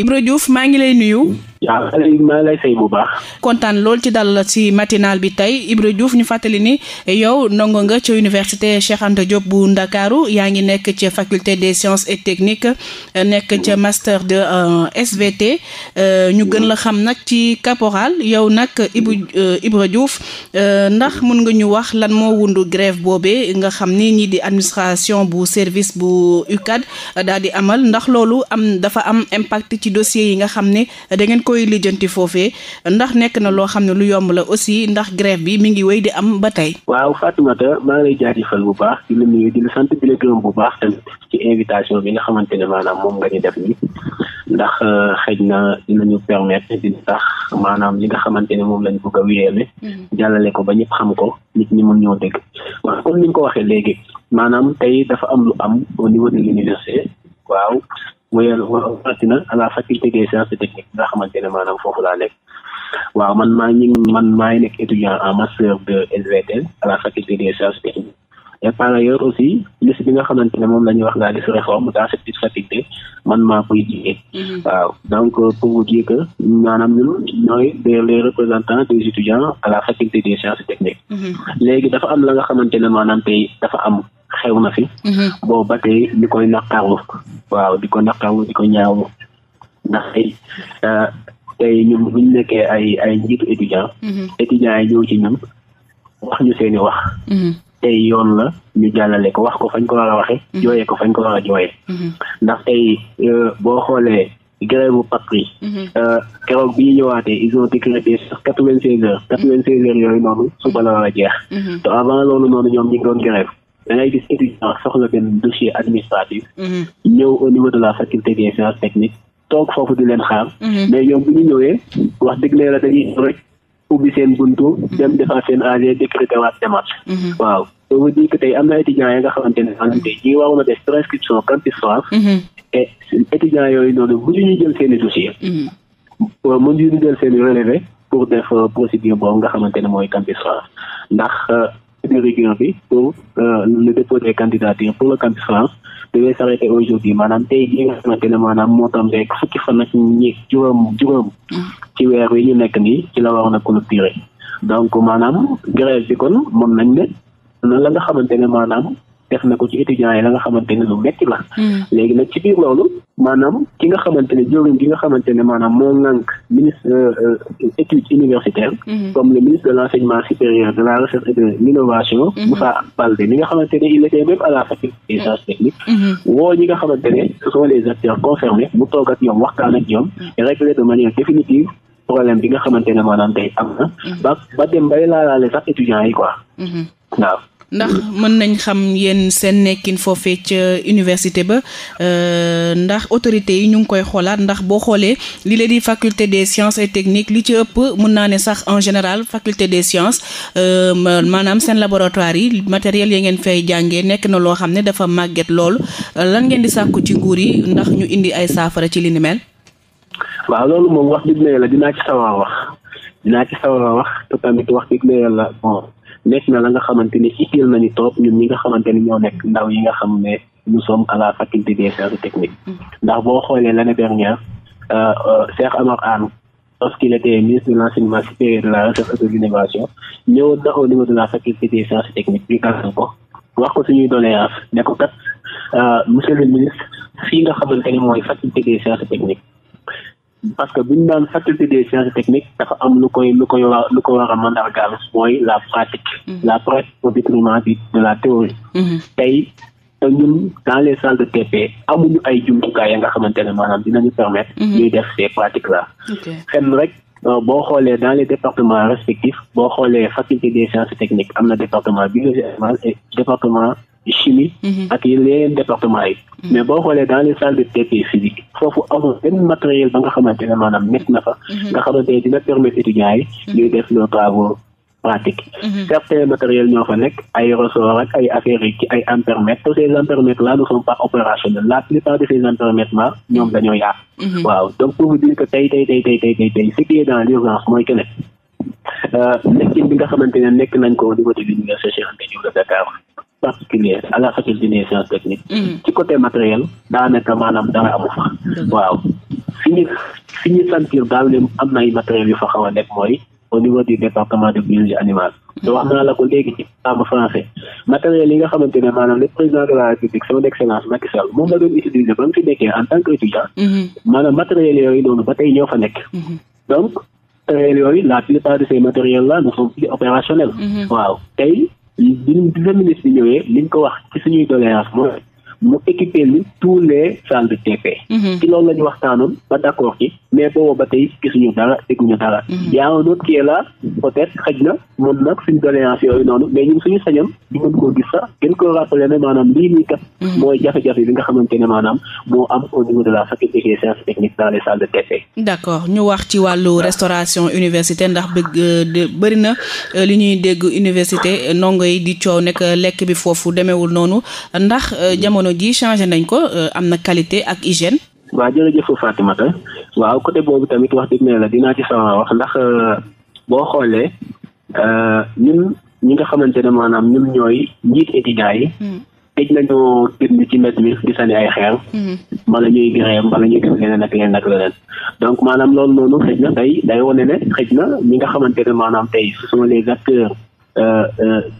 Ibra Diouf maa ngi lay nuyu. waaw kontaan lool ci dal si matinal bi tey Ibra Diouf ñu fàttali ni yow ndongo nga ca université Cheikh Anta bu Ndakaaru yaa ngi nekk ca faculté de sciences et techniques nekk ca master de euh, SVT euh, ñu gën la xam nag ci caporal yow nag euh, Ibra Diouf ndax mun nga ñu wax lan moo wundu grève boobee nga xam ni ñii di administration bu service bu UCAD daal di amal ndax loolu am dafa am impact ci dossier yi nga xam ne da koy lijjanti foofee ndax nekk na loo xam ne lu yomb la aussi ndax grève bi mi ngi wéy di am ba tey. waaw Fatoumata maa ngi lay jaajëfal bu baax di la nuyu di la di la gërëm bu baax tamit ci invitation bi nga xamante ne maanaam moom nga ñu def nii ndax euh, xëj na dinañu permettre dina tax maanaam li nga xamante ne moom lañ bëgg a wéyale mm-hmm. jàllale ko ba ñëpp xam ko nit ñi mën ñoo dégg waaw comme ni ko waxee léegi maanaam tey dafa am lu am au niveau de waaw muy rawatina à la faculté des de techniques nga xamante ne maanaam foofu laa nekk waaw man maa ngi man maa ngi nekk étudiant a master de SVT à la faculté des sciences techniques et par ailleurs aussi liste bi nga xamante ne moom la ñuy wax la liste réforme dans cette liste man maa koy jiite. Mhm. waaw donc euh, pour vous dire que maanaam ñun ñooy les représentants des étudiants a la faculté des sciences techniques. Mhm. léegi dafa am la nga xamante ne maanaam tey dafa am xew na fi. Mhm. boo ba tey di koy naqaru waaw di ko naqaru di ko ñaawu ndax tey euh, tey ñun bu ñu nekkee ay ay njiitu étudiants. étudiants yi ñëw ci ñun wax ñu seeni wax. tey yoon la ñu jàllale ko wax ko fañ ko war a waxee. Mhm. jooyee ko fañ ko war a jooyee. Mhm. ndax tey euh, boo xoolee grève bu pàcc yi. Mhm. Euh, keroog bi ñu ñëwaatee ils ont décrété sax quatre vingt seize heures quatre vingt seize heures yooyu noonu suba la war a jeex. te avant noonu ñoom ñu ngi doon grève da gis étudiant soxla benn dossier administratif. ñëw au niveau de la faculté des sciences techniques toog foofu di leen xaar. mais ñoom bu ñu ñëwee wax dëgg la dañuy ubbi seen buntu dem defar seen AG décrété waat démarche mhm. waaw ça veut dire que tey am na étudiants yi nga xamante ne maanaam tey ñi waroon a def prescription campus soir mhm. et étudiants yooyu noonu mënuñu jël seen i dossier mhm. mënuñu jël seen i relevé pour def euh, procédure boobu nga xamante ne mooy campus soir ndax de euh, rigueur bi pour euh, le dépôt des pour le campus soir devait s'arrêter aujourd'hui maanaam tey jii nga xamante ne maanaam moo tam rek fukki fan ñi juróom juróom ci weer wi ñu nekk nii ci la waroon a donc maanaam grève bi kon moom nañ ne na la nga xamante ne maanaam def na ko ci étudiants yi la nga xamante ne lu metti la hmm. léegi nag ci biir loolu maanaam ki nga xamante ne jëwriñ gi nga xamante ne maanaam moo ŋànk ministre euh, études universitaires mm-hmm. comme le ministre de l'enseignement supérieur de la recherche et de l'innovation mm-hmm. Moussa Baldé mi nga xamante ne il était même à la faculté des sciences techniques mm-hmm. woo nga xamante ne ce sont les acteurs mu toog ak waxtaan ak ñoom et de manière définitive problème bi nga xamante maanaam day am na ba ba dem bay laalaale sax étudiants yi quoi waaw ndax mën nañ xam yéen seen nekkin foofee ca université ba euh, ndax autorités yi ñu ngi koy xoolaat ndax boo xoolee li leen di faculté des sciences et techniques li ci ëpp mën naa ne sax en général faculté des sciences euh, maanaam seen laboratoire yi matériel yi ngeen fay jàngee nekk na loo xam ne dafa màgget loolu lan ngeen di sàkku ci nguur yi ndax ñu indi ay saafara ci li ni loolu moom wax dëgg la dinaa ci sawar wax dinaa ci sawar wax te tamit wax dëgg nekk na la nga xamante ni itteel nañu ni toog ñun ñi nga xamante ni ñoo nekk ndaw yi nga xam ne nous sommes à la faculté des sciences techniques mm-hmm. ndax boo xoolee l'année dernière euh, euh, Cheikh Amar Anne lorsqu'il était ministre de l'enseignement supérieur de la recherche et de l'innovation ñëwoon na au niveau de la faculté des sciences techniques ñu ko wax ñuy suñuy doléance ne ko kat euh, monsieur le ministre fii nga xamante ni mooy faculté des sciences techniques parce que bu ñu naan faculté des sciences techniques dafa am lu koy lu koy war lu a mandargaal mooy la pratique. Mm-hmm. la pratique au détriment de la théorie. Mm-hmm. tey te ñun dans les de TP amuñu ay jumtukaay ya nga xamante ne maanaam dinañu permettre. Mm-hmm. ñuy def ces pratiques là. fenn rek euh, boo xoolee dans les départements boo xoolee faculté des sciences techniques am na département biologie animale et département. chimie. Mhm. ak yeneen département yi. Mhm. mais boo xoolee dans les salles de TP physique foofu amul benn matériel ba nga xamante ne maanaam nekk na fa. Mhm. nga xamante ne dina permettre étudiants yi. ñuy def leurs travaux pratiques. certains matériels ñoo fa nekk ay ressort ak ay affaires yi ci ay ampermètres tous ces ampermètres là ne sont pas opérationnels la plupart de ces ampermètres là ñoom dañoo yàq. waaw donc pour vous tey tey tey tey tey tey ce dans l'urgence mooy particulier à la faculté des sciences techniques mm-hmm. ci côté matériel daanaka maanaam dara amu fa mm-hmm. waaw fi ñu fi ñu sentir daal ne am na ay matériel yu fa xaw a nekk mooy au niveau du département de biologie animale mm-hmm. te wax naa la ko léegi ci matériel yi nga xamante ne maanaam le président de la république son excellence Macky moom la doon utiliser ba mu fi nekkee en tant que maanaam matériel yooyu noonu ba tey ñoo fa nekk donc matériel yooyu la bi bi ministre bi ñëwee liñ ko wax ci suñuy doléance mooy mu équiper lu tous les salles de TP. Mhm. ci loolu la ñu waxtaanoon ba d' accord ci mais booba ba tey gisuñu dara dégguñu dara. Mhm. y' a un autre qui est là peut être xëj na moom nag suñu doléance yooyu noonu mais ñun suñu sañoon ñu mën koo gis sax gën koo rappeler ne maanaam lii muy kat. Mhm. mooy jafe-jafe bi nga xamante ne maanaam moo am au niveau la faculté des sciences techniques dans les salles de TP. d' ñu wax ci wàllu restauration université ndax bëgg euh, bëri na euh, li ñuy dégg université euh, ndongo yi di coow nekk lekk bi foofu demeewul noonu ndax jamono. jamono ji changé nañ ko euh, am na qualité ak waa hygiène. waaw jërëjëf Fatimata waaw côté boobu tamit wax dëgg ne la dinaa ci sama wax ndax euh, boo xoolee euh, ñun ñi nga xamante ne maanaam ñun ñooy njiit étudiants yi. tëj hmm. nañoo bind ci mbedd mi di sànni ay xeer. mbala hmm. ñuy grève mbala ñuy def leneen ak leneen ak leneen donc maanaam loolu noonu xëj na tey day wane ne xëj na ñi nga xamante ne maanaam tey ce sont les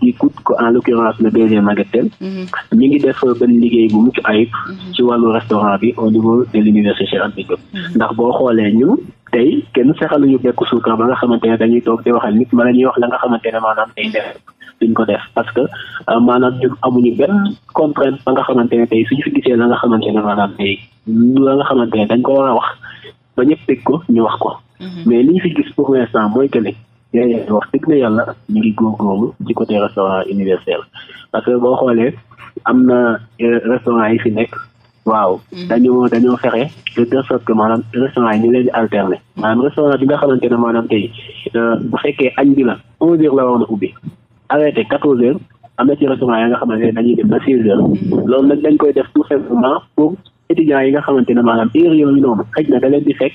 di kut ko en l'occurrence le DG Maguette Tène mhm. mi ngi def euh, benn liggéey bu mucc ayib mhm. ci wàllu restaurant bi au niveau de l'université Cheikh Anta Diop mhm. ndax boo xoolee ñun tey kenn sexaluñu bekk suukar ba nga xamante ne dañuy ñuy wax la nga xamante ne maanaam tey def duñ ko def parce que euh, maanaam ñun benn contrainte ba nga xamante ne tey suñu fi gisee la nga xamante ne maanaam tey la nga xamante ne dañ ko war a wax ba ñëpp dégg ko ñu wax ko mais li ñu fi gis pour l'instant mooy que yooyu wax dëgg na yàlla ñu ngi góorgóorlu ci côté restaurant universel parce que boo xoolee am na euh, restaurant yi fi nekk waaw mm-hmm. dañoo dañoo fexe de telle sorte que maanaam restaurant yi ñu leen di alterner maanaam restaurant bi nga xamante ne maanaam tey euh, bu fekkee añ bi la onze heures la waroon a ubbi arrêté quatorze heures am na ci restaurant yi nga xamante ne dañuy dem ba seize heures mm-hmm. loolu nag dañ koy def tout simplement pour étudiants yi nga xamante ne maanaam erreur yooyu noonu xëj na da leen di fekk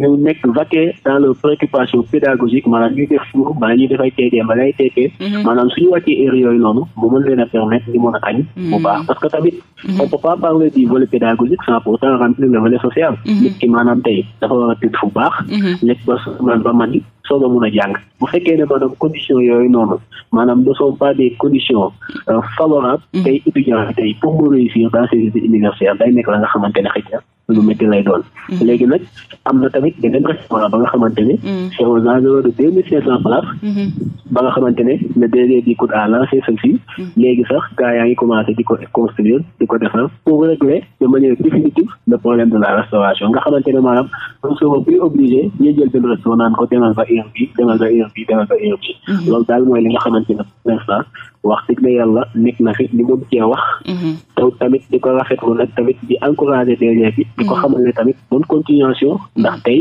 ñu nekk vaquer dans préoccupation pédagogique maanaam ñuy def cours maanaam ñuy def ay TD mbala ay mhm. wàccee erreur yooyu noonu mu leen a permettre ñu mën a añ bu mhm. baax parce que tamit mhm. on peut pas parler du volet pédagogique sans pourtant remplir le volet social nit ki maanaam tey dafa war a tëdd fu baax lekk ba man ba mandi soo a mun a jàng bu fekkee ne maanaam condition yooyu noonu maanaam ne sont pas des conditions euh, favorables mm-hmm. tey étudiants bi tey pour mu réussir dans ces études universitaires day nekk la nga xamante ne xëy na lu métti lay doon. Mm-hmm. léegi nag am na tamit beneen restaurant ba nga xamante ne. Mm-hmm. c'est aux environs mm-hmm. ba nga xamante ne le DG di coûte à lancer celle-ci. léegi sax gaa yaa ngi commencé di ko construire di ko defar pour régler de manière définitive le problème de la restauration nga xamante ne maanaam nous sommes plus obligés ñu jël benn restaurant naan ko demal ba heure bi demal ba heure loolu daal mooy li nga xamante ne pour l'instant wax dëgg la yàlla nekk na fi ñu mën cee wax. Mhm. taw tamit di ko rafetlu nag tamit di encouragé dernier bi. di ko mhm. xamal ne tamit bonne continuation mhm. ndax tey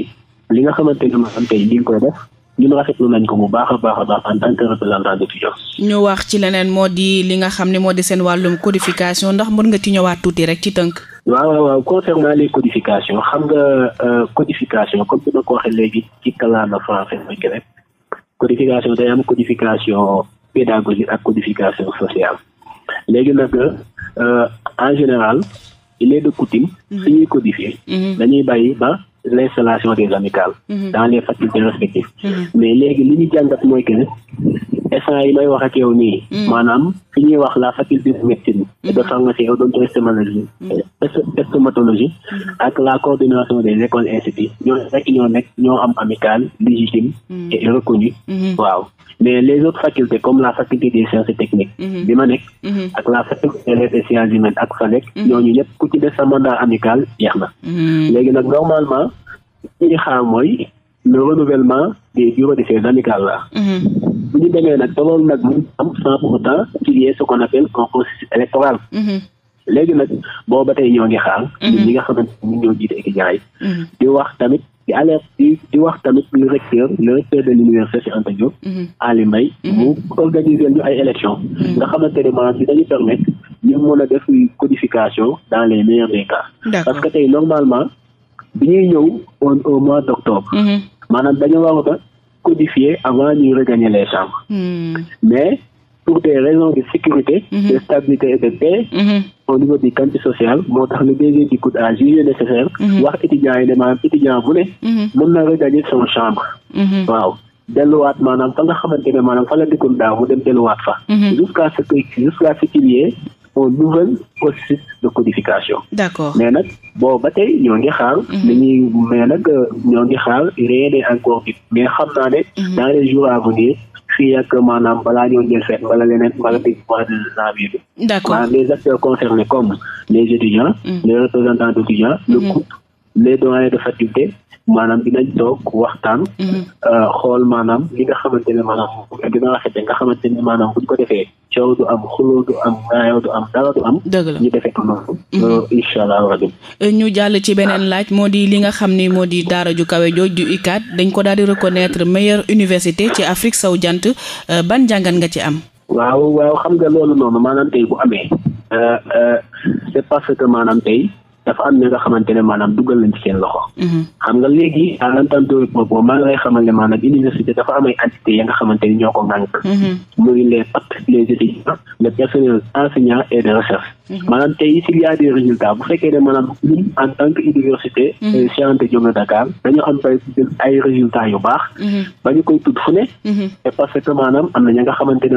li nga xamante ne maanaam tey li nga koy def. ñun rafetlu nañ ko bu baax a baax a baax en tant que représentant d'étudiants. ñu wax ci leneen moo di li nga xam ne moo di seen wàllum codification ndax mën nga ci ñëwaat tuuti rek ci tënk. waaw waaw concernant les codifications xam nga euh, codification comme ni ma ko waxee léegi ci kalaama pédagogie ak codification sociale léegi nag euh, en général il est de coutume mhm. su ñuy codifier mhm. dañuy bàyyi ba l'installation des amicales mhm. dans les facultés respectives mais léegi li ñu jàngat mooy que essence yi may wax ak yow nii. Mm. maanaam fi ñuy wax la faculté de médecine de pharmacie et odontostomatologie estomatologie mm. ak la coordination des écoles instituts ñoo am amicale légitime mm. reconnue mm-hmm. waaw mais les autres facultés comme la faculté des sciences techniques mm-hmm. bi ma nekk mm-hmm. ak la faculté des lettres et sciences humaines ak FADEC ñooñu ñëpp ku ci def sa mandat amical jeex na léegi nag normalement li xaar mooy le renouvellement des bureaux de ces amicales mhm. bu ñu demee nag te loolu nag mu am cent pour cent qu'il y ait ce qu'on appelle électoral. Mhm. léegi nag booba tey ñoo ngi xaar. Mhm. ñi nga xamante ni ñoo jiite étudiants yi. di wax tamit di alerte di di wax tamit le recteur le recteur de l'université Cheikh Anta Diop. Ali Mbaye mu organiser ñu ay élections. nga xamante ne maanaam dinañu permettre ñu mën a def codification dans les meilleurs des parce que tey normalement bi ñuy ñëw au mois d'octobre. Mm maanaam dañu waroon a codifier avant ñuy regagner les chambres. Hmm. mais pour des raisons de sécurité. Hmm. de stabilité et de paix. Hmm. au niveau du campus social moo tax le DG du COUD a jugé nécessaire. wax étudiants yi ne maanaam étudiant bu ne. mën na regagner son chambre. waaw. delluwaat maanaam fa nga xamante ne maanaam fa la dëkkoon daaw mu dem delluwaat fa. jusqu'à ce que jusqu'à ce qu'il y ait au nouvel processus de codification. d'accord mais nag boo ba tey ñoo ngi xaar. li mhm. ñuy mais nag euh, ñoo ngi xaar rien n'est encore dit mais xam naa ne. Mhm. dans les jours à venir. fii ak maanaam balaa ñoo jël fet wala leneen wala di mois de janvier bi. d'accord maanaam les acteurs concernés comme les étudiants. Mhm. les représentants d'étudiants. le groupe les doyens de faculté. maanaam dinañ toog waxtaan. Euh, xool maanaam li nga xamante ne maanaam buñ ko defee. coow du am xuloo du am naayoo du am dara du am. dëgg la ñu defee ko noonu. Mhm. Euh, incha allah rabi. Euh, ñu jàll ci beneen laaj moo di li nga xam ni moo di daara ju kawe jooj du UCAD dañ ko daal di reconnaître meilleure université ci Afrique sowu jant euh, ban jàngat nga ci am. waaw waaw xam nga loolu noonu maanaam tey bu amee. c'est parce que maanaam tey. dafa am na nga xamante ne maanaam dugal nañ ci seen loxo. Mhm. xam nga léegi en tant que propos maa ngi lay xamal ne maanaam université dafa am ay entités ya nga xamante ni ñoo ko ŋànk. Mhm. muy les PAT les étudiants le personnel enseignant et de recherche. Mhm. maanaam tey s'il y a des résultats bu fekkee ne maanaam ñun en tant que université. Euh, Cheikh Anta Diop Dakar dañoo am ay résultats yu baax. ba ñu koy tudd fu ne. te parce que maanaam am na ña nga xamante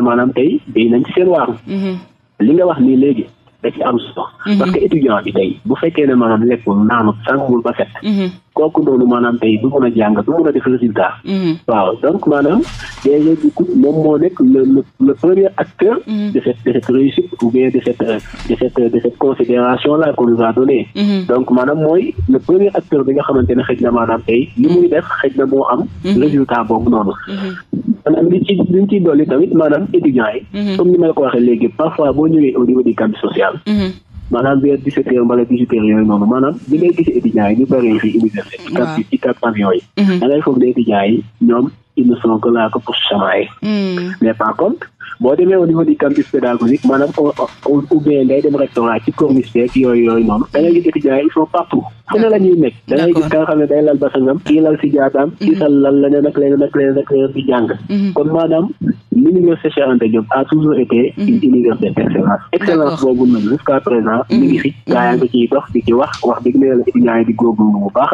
da ci am solo. Mhm. parce que étudiant bi tey bu fekkee ne maanaam lekkul naanut sàngul ba set. Mhm. kooku noonu maanaam tey du mën a jàng du mën a def résultat. Mm-hmm. waaw donc maanaam léeg-léeg du coup moom moo nekk le le le premier acteur. Mm-hmm. de cette de cette réussite ou bien de cette de cette de cette considération là qu'on a mm-hmm. donc maanaam mooy le premier acteur bi nga xamante ne xëj na maanaam tey li muy def xëj na moo am. résultat boobu noonu. maanaam li ci li ñu ciy dolli tamit maanaam étudiants yi. comme ni ma la ko waxee léegi parfois boo ñëwee au niveau du cadre social. maanaam vers 17 heures mbala 18 heures yooyu noonu maanaam li ngay gis étudiants yi ñu bëree fii université ci quatre ci quatre yi mhm. da foog ne étudiants yi ñoom ils ne sont que là que pour chamailler. Hmm. mais par contre boo demee au niveau du campus pédagogique maanaam ou bien ngay dem restaurant ci corniche beeg yooyu yooyu noonu da ngay gis hmm. étudiants yi ils sont partout fu ne la ñuy nekk. da ngay gis ka nga xam ne day lal basangam kii lal si jaataam. kii sal hmm. lal leneen ak leneen ak leneen ak leneen di jàng. kon maanaam l'université Cheikh Anta Diop a toujours été une université d'excellence. excellence boobu noonu jusqu'à présent. mi ngi fi gaa yaa ngi ciy dox di ci wax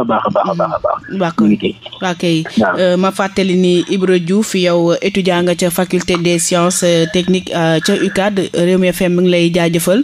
a a a a di Ibra Diouf yow étudiant nga ca faculté des sciences euh, techniques euh, ca UCAD Rewmi FM mi ngi lay jaajëfal.